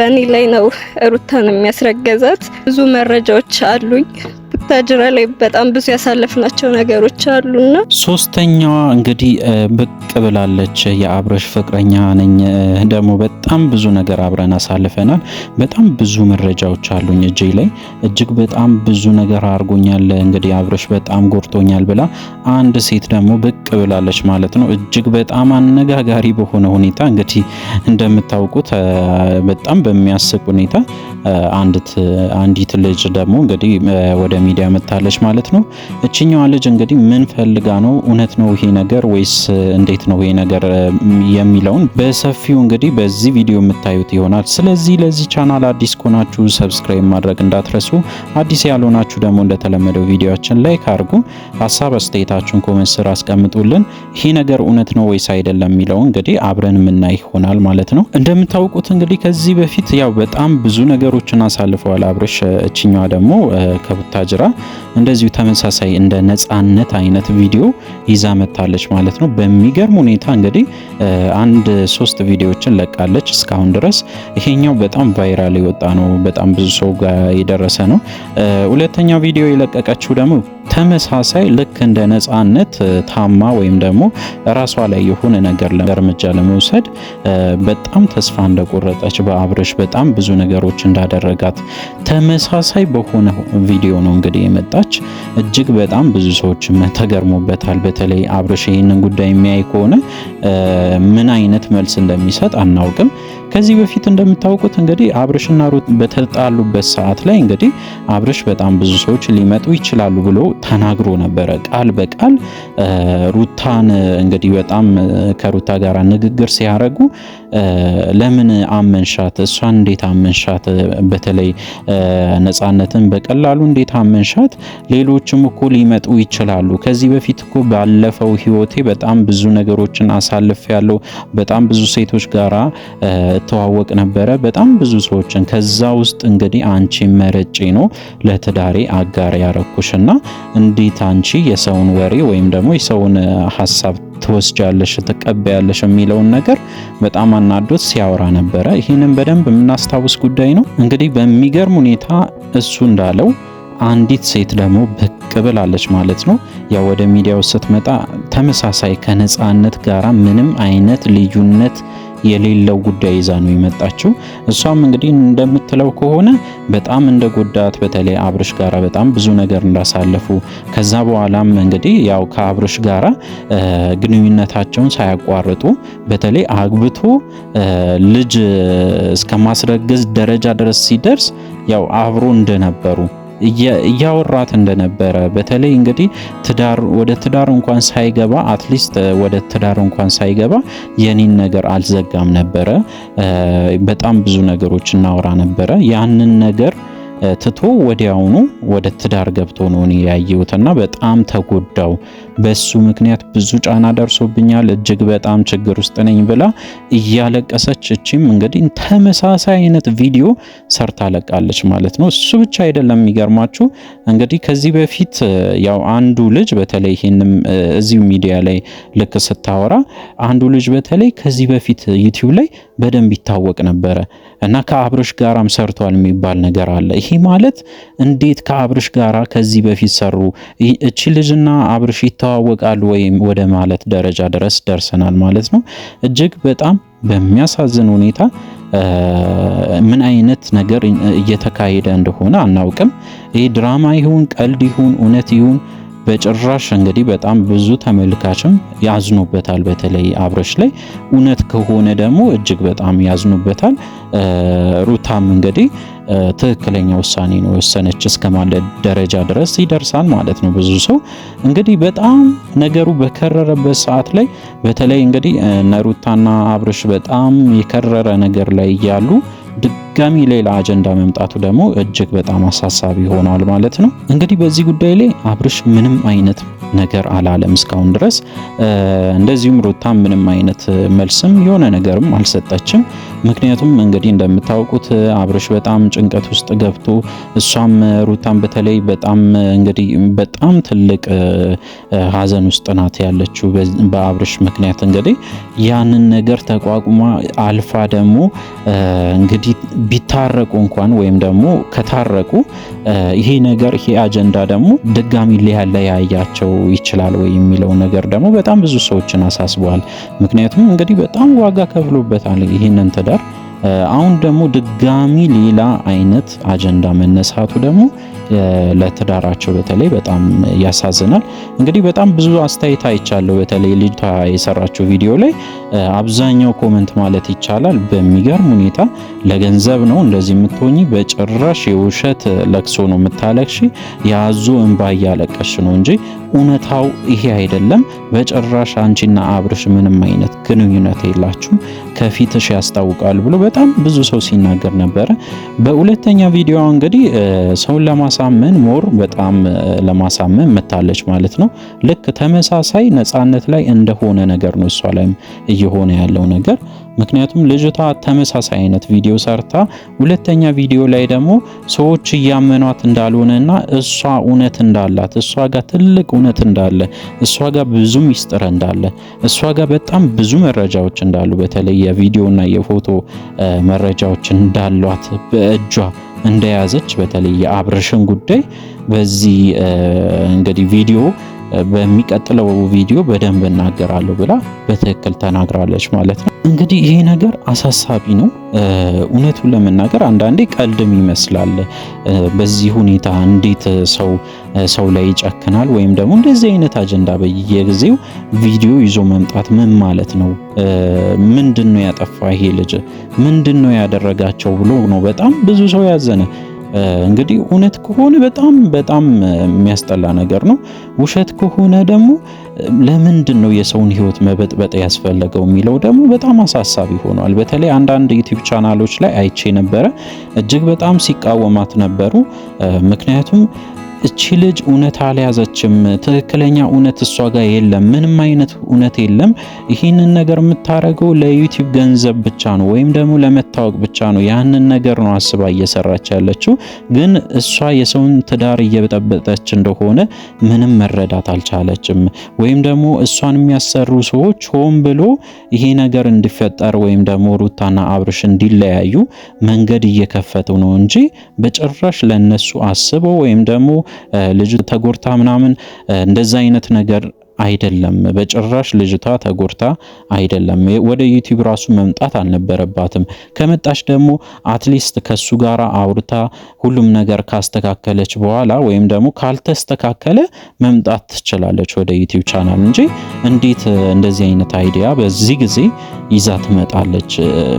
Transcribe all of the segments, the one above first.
በእኔ ላይ ነው ሩታን የሚያስረገዛት። ብዙ መረጃዎች አሉኝ። ታጅራ ላይ በጣም ብዙ ያሳለፍናቸው ነገሮች አሉና፣ ሶስተኛዋ እንግዲህ ብቅ ብላለች። የአብረሽ ፍቅረኛ ነኝ ደግሞ በጣም ብዙ ነገር አብረን አሳልፈናል። በጣም ብዙ መረጃዎች አሉኝ እጄ ላይ እጅግ በጣም ብዙ ነገር አድርጎኛል። እንግዲህ አብረሽ በጣም ጎርቶኛል ብላ አንድ ሴት ደግሞ ብቅ ብላለች ማለት ነው። እጅግ በጣም አነጋጋሪ በሆነ ሁኔታ እንግዲህ እንደምታውቁት በጣም በሚያስቅ ሁኔታ አንዲት ልጅ ደግሞ እንግዲህ ወደ ሚዲያ መጥታለች ማለት ነው። እችኛዋ ልጅ እንግዲህ ምን ፈልጋ ነው? እውነት ነው ይሄ ነገር ወይስ እንዴት ነው ይሄ ነገር የሚለውን በሰፊው እንግዲህ በዚህ ቪዲዮ የምታዩት ይሆናል። ስለዚህ ለዚህ ቻናል አዲስ ከሆናችሁ ሰብስክራይብ ማድረግ እንዳትረሱ። አዲስ ያልሆናችሁ ደግሞ እንደተለመደው ቪዲዮችን ላይክ አድርጉ። ሀሳብ አስተያየታችሁን ኮሜንት ስር አስቀምጡልን። ይሄ ነገር እውነት ነው ወይስ አይደለም የሚለውን እንግዲህ አብረን የምናይ ይሆናል ማለት ነው። እንደምታውቁት እንግዲህ ከዚህ በፊት ያው በጣም ብዙ ነገር ነገሮችን አሳልፈዋል አብርሽ። እችኛዋ ደግሞ ከቡታጅራ እንደዚሁ ተመሳሳይ እንደ ነጻነት አይነት ቪዲዮ ይዛ መታለች ማለት ነው። በሚገርም ሁኔታ እንግዲህ አንድ ሶስት ቪዲዮዎችን ለቃለች እስካሁን ድረስ። ይሄኛው በጣም ቫይራል የወጣ ነው፣ በጣም ብዙ ሰው ጋር የደረሰ ነው። ሁለተኛው ቪዲዮ የለቀቀችው ደግሞ ተመሳሳይ ልክ እንደ ነጻነት ታማ ወይም ደግሞ ራሷ ላይ የሆነ ነገር እርምጃ ለመውሰድ በጣም ተስፋ እንደቆረጠች በአብርሽ በጣም ብዙ ነገሮች እንዳደረጋት ተመሳሳይ በሆነ ቪዲዮ ነው እንግዲህ የመጣች። እጅግ በጣም ብዙ ሰዎች ተገርሞበታል። በተለይ አብርሽ ይህንን ጉዳይ የሚያይ ከሆነ ምን አይነት መልስ እንደሚሰጥ አናውቅም። ከዚህ በፊት እንደምታውቁት እንግዲህ አብርሽና ሩት በተጣሉበት ሰዓት ላይ እንግዲህ አብርሽ በጣም ብዙ ሰዎች ሊመጡ ይችላሉ ብሎ ተናግሮ ነበረ። ቃል በቃል ሩታን እንግዲህ በጣም ከሩታ ጋር ንግግር ሲያደርጉ ለምን አመንሻት? እሷን እንዴት አመንሻት? በተለይ ነጻነትን በቀላሉ እንዴት አመንሻት? ሌሎችም እኮ ሊመጡ ይችላሉ። ከዚህ በፊት እኮ ባለፈው ህይወቴ በጣም ብዙ ነገሮችን አሳልፍ ያለው በጣም ብዙ ሴቶች ጋራ ተዋወቅ ነበረ በጣም ብዙ ሰዎችን። ከዛ ውስጥ እንግዲህ አንቺ መረጪ ነው ለትዳሬ አጋር ያረኩሽና እንዴት አንቺ የሰውን ወሬ ወይም ደግሞ የሰውን ሀሳብ ትወስጃለሽ ትቀበያለሽ የሚለውን ነገር በጣም አናዶት ሲያወራ ነበረ። ይህንን በደንብ የምናስታውስ ጉዳይ ነው። እንግዲህ በሚገርም ሁኔታ እሱ እንዳለው አንዲት ሴት ደግሞ ብቅ ብላለች ማለት ነው። ያ ወደ ሚዲያው ስትመጣ ተመሳሳይ ከነፃነት ጋራ ምንም አይነት ልዩነት የሌለው ጉዳይ ይዛ ነው የመጣችው። እሷም እንግዲህ እንደምትለው ከሆነ በጣም እንደጎዳት በተለይ አብርሽ ጋራ በጣም ብዙ ነገር እንዳሳለፉ ከዛ በኋላም እንግዲህ ያው ከአብርሽ ጋራ ግንኙነታቸውን ሳያቋርጡ በተለይ አግብቶ ልጅ እስከ ማስረገዝ ደረጃ ድረስ ሲደርስ ያው አብሮ እንደነበሩ እያወራት እንደነበረ በተለይ እንግዲህ ትዳር ወደ ትዳር እንኳን ሳይገባ አትሊስት ወደ ትዳር እንኳን ሳይገባ የኔን ነገር አልዘጋም ነበረ። በጣም ብዙ ነገሮች እናወራ ነበረ። ያንን ነገር ትቶ ወዲያውኑ ወደ ትዳር ገብቶ ነው እኔ ያየሁትና በጣም ተጎዳው። በሱ ምክንያት ብዙ ጫና ደርሶብኛል፣ እጅግ በጣም ችግር ውስጥ ነኝ ብላ እያለቀሰች እቺም እንግዲህ ተመሳሳይ አይነት ቪዲዮ ሰርታ ለቃለች ማለት ነው። እሱ ብቻ አይደለም የሚገርማችሁ እንግዲህ ከዚህ በፊት ያው አንዱ ልጅ በተለይ ይሄንም እዚሁ ሚዲያ ላይ ልክ ስታወራ አንዱ ልጅ በተለይ ከዚህ በፊት ዩቲዩብ ላይ በደንብ ይታወቅ ነበረ እና ከአብርሽ ጋራም ሰርቷል የሚባል ነገር አለ። ይሄ ማለት እንዴት ከአብርሽ ጋራ ከዚህ በፊት ሰሩ? እቺ ልጅና አብርሽ ይተዋወቃሉ ወይም ወደ ማለት ደረጃ ድረስ ደርሰናል ማለት ነው። እጅግ በጣም በሚያሳዝን ሁኔታ ምን አይነት ነገር እየተካሄደ እንደሆነ አናውቅም። ይህ ድራማ ይሁን ቀልድ ይሁን እውነት ይሁን በጭራሽ እንግዲህ በጣም ብዙ ተመልካችም ያዝኑበታል። በተለይ አብረሽ ላይ እውነት ከሆነ ደግሞ እጅግ በጣም ያዝኑበታል። ሩታም እንግዲህ ትክክለኛ ውሳኔ ነው የወሰነች እስከ ማለት ደረጃ ድረስ ይደርሳል ማለት ነው። ብዙ ሰው እንግዲህ በጣም ነገሩ በከረረበት ሰዓት ላይ በተለይ እንግዲህ እነ ሩታና በጣም የከረረ ነገር ላይ እያሉ በድጋሚ ሌላ አጀንዳ መምጣቱ ደግሞ እጅግ በጣም አሳሳቢ ሆኗል ማለት ነው። እንግዲህ በዚህ ጉዳይ ላይ አብርሽ ምንም አይነት ነገር አላለም እስካሁን ድረስ። እንደዚሁም ሩታ ምንም አይነት መልስም የሆነ ነገርም አልሰጠችም። ምክንያቱም እንግዲህ እንደምታውቁት አብርሽ በጣም ጭንቀት ውስጥ ገብቶ እሷም ሩታም በተለይ በጣም እንግዲህ በጣም ትልቅ ሀዘን ውስጥ ናት ያለችው በአብርሽ ምክንያት እንግዲህ ያንን ነገር ተቋቁማ አልፋ ደግሞ እንግዲህ ቢታረቁ እንኳን ወይም ደግሞ ከታረቁ ይሄ ነገር ይሄ አጀንዳ ደግሞ ድጋሚ ሊያለያያቸው ይችላል ወይ የሚለው ነገር ደግሞ በጣም ብዙ ሰዎችን አሳስበዋል። ምክንያቱም እንግዲህ በጣም ዋጋ ከፍሎበታል ይህንን ትዳር። አሁን ደግሞ ድጋሚ ሌላ አይነት አጀንዳ መነሳቱ ደግሞ ለትዳራቸው በተለይ በጣም ያሳዝናል። እንግዲህ በጣም ብዙ አስተያየት አይቻለሁ። በተለይ ልጅቷ የሰራችው ቪዲዮ ላይ አብዛኛው ኮመንት ማለት ይቻላል በሚገርም ሁኔታ ለገንዘብ ነው እንደዚህ የምትሆኚ፣ በጭራሽ የውሸት ለቅሶ ነው የምታለቅሺ፣ የአዞ እንባ እያለቀሽ ነው እንጂ እውነታው ይሄ አይደለም፣ በጭራሽ አንቺና አብርሽ ምንም አይነት ግንኙነት የላችሁም፣ ከፊትሽ ያስታውቃል ብሎ በጣም ብዙ ሰው ሲናገር ነበረ። በሁለተኛ ቪዲዮ እንግዲህ ሰውን ለማሳ ለማሳመን ሞር በጣም ለማሳመን መታለች ማለት ነው። ልክ ተመሳሳይ ነፃነት ላይ እንደሆነ ነገር ነው እሷ ላይም እየሆነ ያለው ነገር። ምክንያቱም ልጅቷ ተመሳሳይ አይነት ቪዲዮ ሰርታ ሁለተኛ ቪዲዮ ላይ ደግሞ ሰዎች እያመኗት እንዳልሆነና እሷ እውነት እንዳላት እሷ ጋር ትልቅ እውነት እንዳለ እሷ ጋር ብዙ ሚስጥር እንዳለ እሷ ጋር በጣም ብዙ መረጃዎች እንዳሉ በተለይ የቪዲዮና የፎቶ መረጃዎች እንዳሏት በእጇ እንደያዘች በተለይ የአብርሽን ጉዳይ በዚህ እንግዲህ ቪዲዮ በሚቀጥለው ቪዲዮ በደንብ እናገራለሁ ብላ በትክክል ተናግራለች ማለት ነው። እንግዲህ ይሄ ነገር አሳሳቢ ነው። እውነቱን ለመናገር አንዳንዴ ቀልድም ይመስላል። በዚህ ሁኔታ እንዴት ሰው ሰው ላይ ይጨክናል? ወይም ደግሞ እንደዚህ አይነት አጀንዳ በየጊዜው ቪዲዮ ይዞ መምጣት ምን ማለት ነው? ምንድን ነው ያጠፋ ይሄ ልጅ ምንድን ነው ያደረጋቸው ብሎ ነው በጣም ብዙ ሰው ያዘነ እንግዲህ እውነት ከሆነ በጣም በጣም የሚያስጠላ ነገር ነው። ውሸት ከሆነ ደግሞ ለምንድን ነው የሰውን ህይወት መበጥበጥ ያስፈለገው የሚለው ደግሞ በጣም አሳሳቢ ሆኗል። በተለይ አንዳንድ ዩቲዩብ ቻናሎች ላይ አይቼ ነበረ እጅግ በጣም ሲቃወማት ነበሩ። ምክንያቱም እቺ ልጅ እውነት አልያዘችም፣ ትክክለኛ እውነት እሷ ጋር የለም፣ ምንም አይነት እውነት የለም። ይህንን ነገር የምታደርገው ለዩቲዩብ ገንዘብ ብቻ ነው፣ ወይም ደግሞ ለመታወቅ ብቻ ነው። ያንን ነገር ነው አስባ እየሰራች ያለችው። ግን እሷ የሰውን ትዳር እየበጠበጠች እንደሆነ ምንም መረዳት አልቻለችም። ወይም ደግሞ እሷን የሚያሰሩ ሰዎች ሆን ብሎ ይሄ ነገር እንዲፈጠር ወይም ደግሞ ሩታና አብርሽ እንዲለያዩ መንገድ እየከፈቱ ነው እንጂ በጭራሽ ለነሱ አስበው ወይም ደግሞ ልጅ ተጎርታ ምናምን እንደዛ አይነት ነገር አይደለም በጭራሽ ልጅቷ ተጎርታ አይደለም። ወደ ዩቲዩብ ራሱ መምጣት አልነበረባትም። ከመጣች ደግሞ አትሊስት ከሱ ጋር አውርታ ሁሉም ነገር ካስተካከለች በኋላ ወይም ደግሞ ካልተስተካከለ መምጣት ትችላለች ወደ ዩቲዩብ ቻናል እንጂ እንዴት እንደዚህ አይነት አይዲያ በዚህ ጊዜ ይዛ ትመጣለች።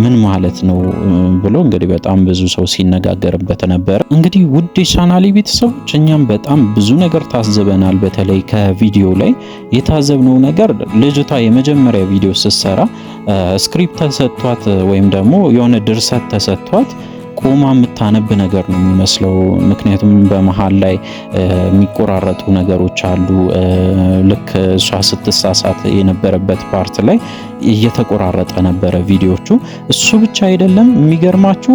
ምን ማለት ነው ብሎ እንግዲህ በጣም ብዙ ሰው ሲነጋገርበት ነበረ። እንግዲህ ውድ ቻናሊ ቤተሰቦች እኛም በጣም ብዙ ነገር ታዝበናል። በተለይ ከቪዲዮ ላይ የታዘብነው ነገር ልጅቷ የመጀመሪያ ቪዲዮ ስትሰራ ስክሪፕት ተሰጥቷት ወይም ደግሞ የሆነ ድርሰት ተሰጥቷት ቆማ የምታነብ ነገር ነው የሚመስለው። ምክንያቱም በመሀል ላይ የሚቆራረጡ ነገሮች አሉ። ልክ እሷ ስትሳሳት የነበረበት ፓርት ላይ እየተቆራረጠ ነበረ ቪዲዮቹ። እሱ ብቻ አይደለም የሚገርማችሁ፣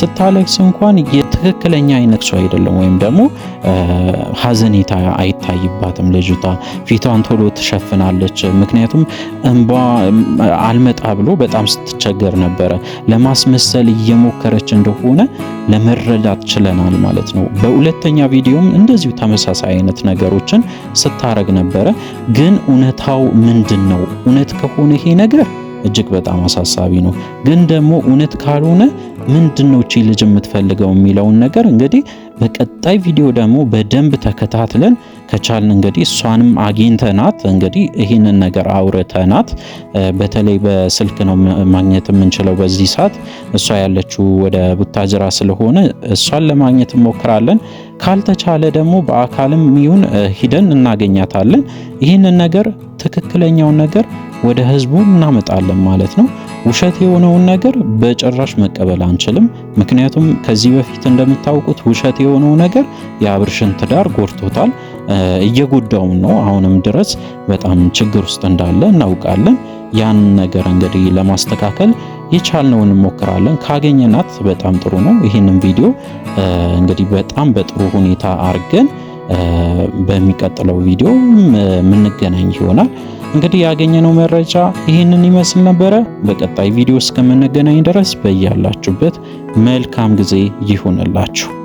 ስታለቅስ እንኳን የትክክለኛ አይነት ሰው አይደለም፣ ወይም ደግሞ ሀዘኔታ አይታይባትም ልጅቷ። ፊቷን ቶሎ ትሸፍናለች። ምክንያቱም እንባ አልመጣ ብሎ በጣም ስትቸገር ነበረ። ለማስመሰል እየሞከረች እንደሆነ ለመረዳት ችለናል ማለት ነው። በሁለተኛ ቪዲዮም እንደዚሁ ተመሳሳይ አይነት ነገሮችን ስታረግ ነበረ። ግን እውነታው ምንድን ነው? እውነት ከሆነ ይሄ ነገር እጅግ በጣም አሳሳቢ ነው። ግን ደግሞ እውነት ካልሆነ ምንድን ነው እቺ ልጅ የምትፈልገው የሚለውን ነገር እንግዲህ በቀጣይ ቪዲዮ ደግሞ በደንብ ተከታትለን ከቻልን እንግዲህ እሷንም አግኝተናት እንግዲህ ይህንን ነገር አውርተናት በተለይ በስልክ ነው ማግኘት የምንችለው በዚህ ሰዓት። እሷ ያለችው ወደ ቡታጅራ ስለሆነ እሷን ለማግኘት እንሞክራለን። ካልተቻለ ደግሞ በአካልም ይሁን ሂደን እናገኛታለን። ይህንን ነገር ትክክለኛውን ነገር ወደ ህዝቡ እናመጣለን ማለት ነው። ውሸት የሆነውን ነገር በጭራሽ መቀበል አንችልም። ምክንያቱም ከዚህ በፊት እንደምታውቁት ውሸት የሆነው ነገር የአብርሽን ትዳር ጎድቶታል፣ እየጎዳው ነው። አሁንም ድረስ በጣም ችግር ውስጥ እንዳለ እናውቃለን። ያን ነገር እንግዲህ ለማስተካከል የቻልነውን እንሞክራለን። ካገኘናት በጣም ጥሩ ነው። ይህንን ቪዲዮ እንግዲህ በጣም በጥሩ ሁኔታ አድርገን በሚቀጥለው ቪዲዮ የምንገናኝ ይሆናል። እንግዲህ ያገኘነው መረጃ ይህንን ይመስል ነበረ። በቀጣይ ቪዲዮ እስከምንገናኝ ድረስ በያላችሁበት መልካም ጊዜ ይሁንላችሁ።